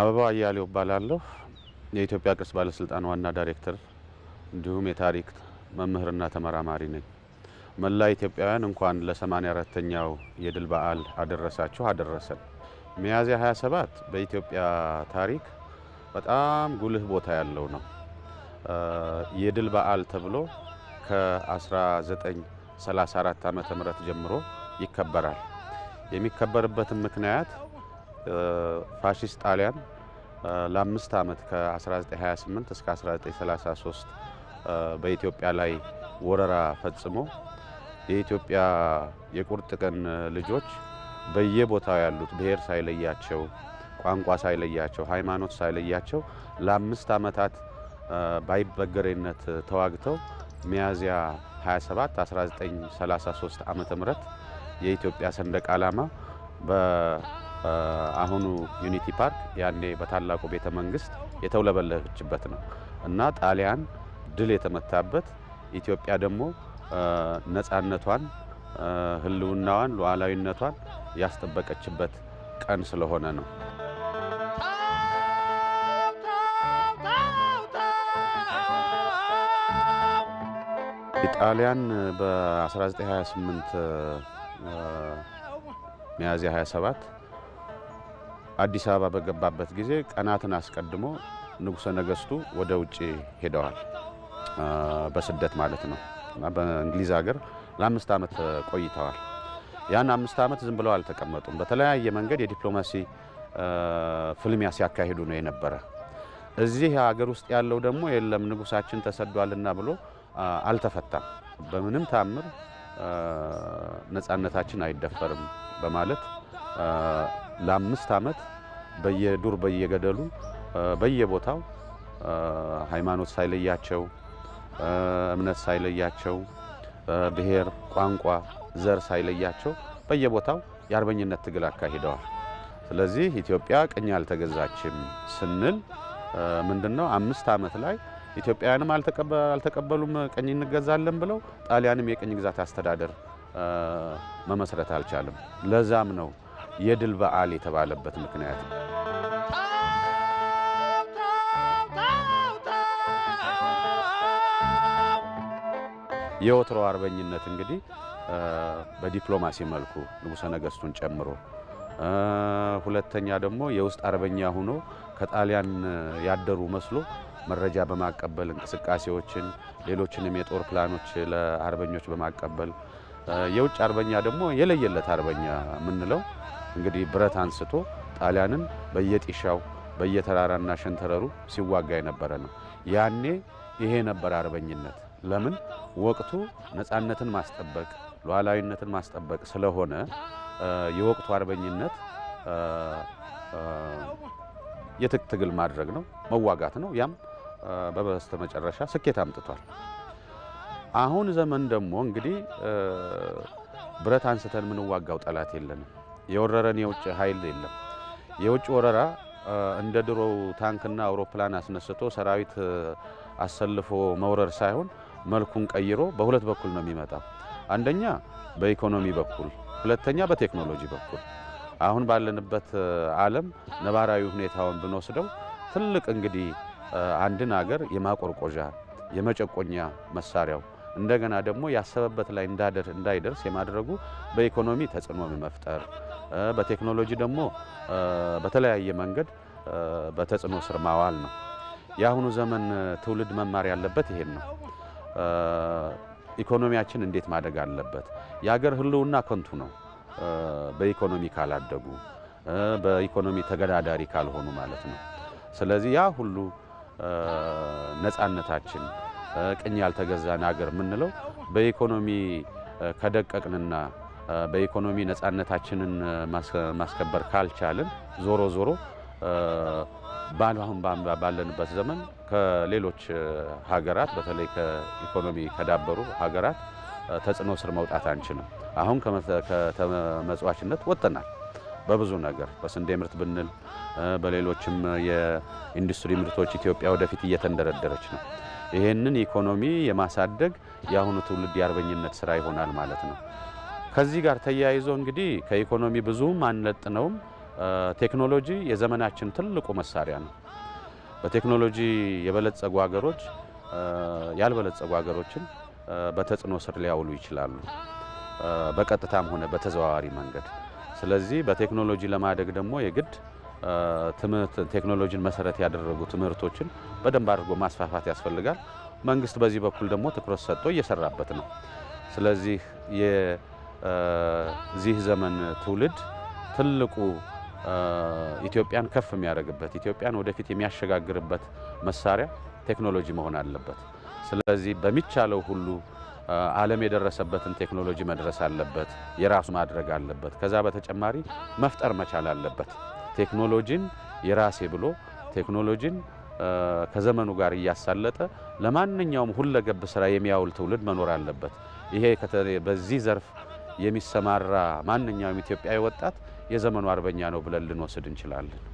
አበባው አያሌው እባላለሁ። የኢትዮጵያ ቅርስ ባለስልጣን ዋና ዳይሬክተር እንዲሁም የታሪክ መምህርና ተመራማሪ ነኝ። መላ ኢትዮጵያውያን እንኳን ለ84ተኛው የድል በዓል አደረሳችሁ አደረሰን። ሚያዝያ 27 በኢትዮጵያ ታሪክ በጣም ጉልህ ቦታ ያለው ነው። የድል በዓል ተብሎ ከ1934 ዓ.ም ጀምሮ ይከበራል። የሚከበርበትም ምክንያት ፋሺስት ጣሊያን ለአምስት ዓመት ከ1928 እስከ 1933 በኢትዮጵያ ላይ ወረራ ፈጽሞ የኢትዮጵያ የቁርጥ ቀን ልጆች በየቦታው ያሉት ብሔር ሳይለያቸው፣ ቋንቋ ሳይለያቸው፣ ሃይማኖት ሳይለያቸው ለአምስት ዓመታት ባይበገሬነት ተዋግተው ሚያዝያ 27 1933 ም የኢትዮጵያ ሰንደቅ ዓላማ አሁኑ ዩኒቲ ፓርክ ያኔ በታላቁ ቤተ መንግስት የተውለበለችበት ነው እና ጣሊያን ድል የተመታበት ኢትዮጵያ ደግሞ ነፃነቷን፣ ህልውናዋን፣ ሉዓላዊነቷን ያስጠበቀችበት ቀን ስለሆነ ነው። ጣሊያን በ1928 ሚያዝያ 27 አዲስ አበባ በገባበት ጊዜ ቀናትን አስቀድሞ ንጉሰ ነገስቱ ወደ ውጭ ሄደዋል፣ በስደት ማለት ነው እና በእንግሊዝ ሀገር ለአምስት ዓመት ቆይተዋል። ያን አምስት ዓመት ዝም ብለው አልተቀመጡም። በተለያየ መንገድ የዲፕሎማሲ ፍልሚያ ሲያካሂዱ ነው የነበረ። እዚህ ሀገር ውስጥ ያለው ደግሞ የለም ንጉሳችን ተሰዷልና ብሎ አልተፈታም። በምንም ታምር ነፃነታችን አይደፈርም በማለት ለአምስት ዓመት በየዱር በየገደሉ በየቦታው ሃይማኖት ሳይለያቸው እምነት ሳይለያቸው ብሔር፣ ቋንቋ፣ ዘር ሳይለያቸው በየቦታው የአርበኝነት ትግል አካሂደዋል። ስለዚህ ኢትዮጵያ ቅኝ አልተገዛችም ስንል ምንድን ነው? አምስት ዓመት ላይ ኢትዮጵያውያንም አልተቀበሉም ቅኝ እንገዛለን ብለው፣ ጣሊያንም የቅኝ ግዛት አስተዳደር መመስረት አልቻለም። ለዛም ነው የድል በዓል የተባለበት ምክንያት ነው። የወትሮ አርበኝነት እንግዲህ በዲፕሎማሲ መልኩ ንጉሠ ነገሥቱን ጨምሮ፣ ሁለተኛ ደግሞ የውስጥ አርበኛ ሆኖ ከጣሊያን ያደሩ መስሎ መረጃ በማቀበል እንቅስቃሴዎችን ሌሎችንም የጦር ፕላኖች ለአርበኞች በማቀበል የውጭ አርበኛ ደግሞ የለየለት አርበኛ የምንለው እንግዲህ ብረት አንስቶ ጣሊያንን በየጢሻው በየተራራና ሸንተረሩ ሲዋጋ የነበረ ነው። ያኔ ይሄ ነበር አርበኝነት። ለምን ወቅቱ ነፃነትን ማስጠበቅ ሉዓላዊነትን ማስጠበቅ ስለሆነ የወቅቱ አርበኝነት የትጥቅ ትግል ማድረግ ነው፣ መዋጋት ነው። ያም በበስተ መጨረሻ ስኬት አምጥቷል። አሁን ዘመን ደግሞ እንግዲህ ብረት አንስተን የምንዋጋው ጠላት የለንም። የወረረን የውጭ ኃይል የለም። የውጭ ወረራ እንደ ድሮው ታንክና አውሮፕላን አስነስቶ ሰራዊት አሰልፎ መውረር ሳይሆን መልኩን ቀይሮ በሁለት በኩል ነው የሚመጣው። አንደኛ በኢኮኖሚ በኩል፣ ሁለተኛ በቴክኖሎጂ በኩል። አሁን ባለንበት ዓለም ነባራዊ ሁኔታውን ብንወስደው ትልቅ እንግዲህ አንድን አገር የማቆርቆዣ የመጨቆኛ መሳሪያው እንደገና ደግሞ ያሰበበት ላይ እንዳይደርስ የማድረጉ በኢኮኖሚ ተጽዕኖ መፍጠር፣ በቴክኖሎጂ ደግሞ በተለያየ መንገድ በተጽዕኖ ስር ማዋል ነው። የአሁኑ ዘመን ትውልድ መማር ያለበት ይሄን ነው። ኢኮኖሚያችን እንዴት ማደግ አለበት? የሀገር ህልውና ከንቱ ነው በኢኮኖሚ ካላደጉ በኢኮኖሚ ተገዳዳሪ ካልሆኑ ማለት ነው። ስለዚህ ያ ሁሉ ነፃነታችን ቅኝ ያልተገዛን ሀገር የምንለው በኢኮኖሚ ከደቀቅንና በኢኮኖሚ ነፃነታችንን ማስከበር ካልቻልን ዞሮ ዞሮ አሁን ባለንበት ዘመን ከሌሎች ሀገራት በተለይ ከኢኮኖሚ ከዳበሩ ሀገራት ተጽዕኖ ስር መውጣት አንችልም። አሁን ከመጽዋችነት ወጥተናል። በብዙ ነገር በስንዴ ምርት ብንል በሌሎችም የኢንዱስትሪ ምርቶች ኢትዮጵያ ወደፊት እየተንደረደረች ነው። ይህንን ኢኮኖሚ የማሳደግ የአሁኑ ትውልድ የአርበኝነት ስራ ይሆናል ማለት ነው። ከዚህ ጋር ተያይዞ እንግዲህ ከኢኮኖሚ ብዙም አንለጥነውም። ቴክኖሎጂ የዘመናችን ትልቁ መሳሪያ ነው። በቴክኖሎጂ የበለጸጉ ሀገሮች ያልበለጸጉ ሀገሮችን በተጽዕኖ ስር ሊያውሉ ይችላሉ፣ በቀጥታም ሆነ በተዘዋዋሪ መንገድ ስለዚህ በቴክኖሎጂ ለማደግ ደግሞ የግድ ትምህርት ቴክኖሎጂን መሰረት ያደረጉ ትምህርቶችን በደንብ አድርጎ ማስፋፋት ያስፈልጋል። መንግስት በዚህ በኩል ደግሞ ትኩረት ሰጥቶ እየሰራበት ነው። ስለዚህ የዚህ ዘመን ትውልድ ትልቁ ኢትዮጵያን ከፍ የሚያደርግበት ኢትዮጵያን ወደፊት የሚያሸጋግርበት መሳሪያ ቴክኖሎጂ መሆን አለበት። ስለዚህ በሚቻለው ሁሉ ዓለም የደረሰበትን ቴክኖሎጂ መድረስ አለበት፣ የራሱ ማድረግ አለበት። ከዛ በተጨማሪ መፍጠር መቻል አለበት። ቴክኖሎጂን የራሴ ብሎ ቴክኖሎጂን ከዘመኑ ጋር እያሳለጠ ለማንኛውም ሁለገብ ስራ የሚያውል ትውልድ መኖር አለበት። ይሄ በዚህ ዘርፍ የሚሰማራ ማንኛውም ኢትዮጵያዊ ወጣት የዘመኑ አርበኛ ነው ብለን ልንወስድ እንችላለን።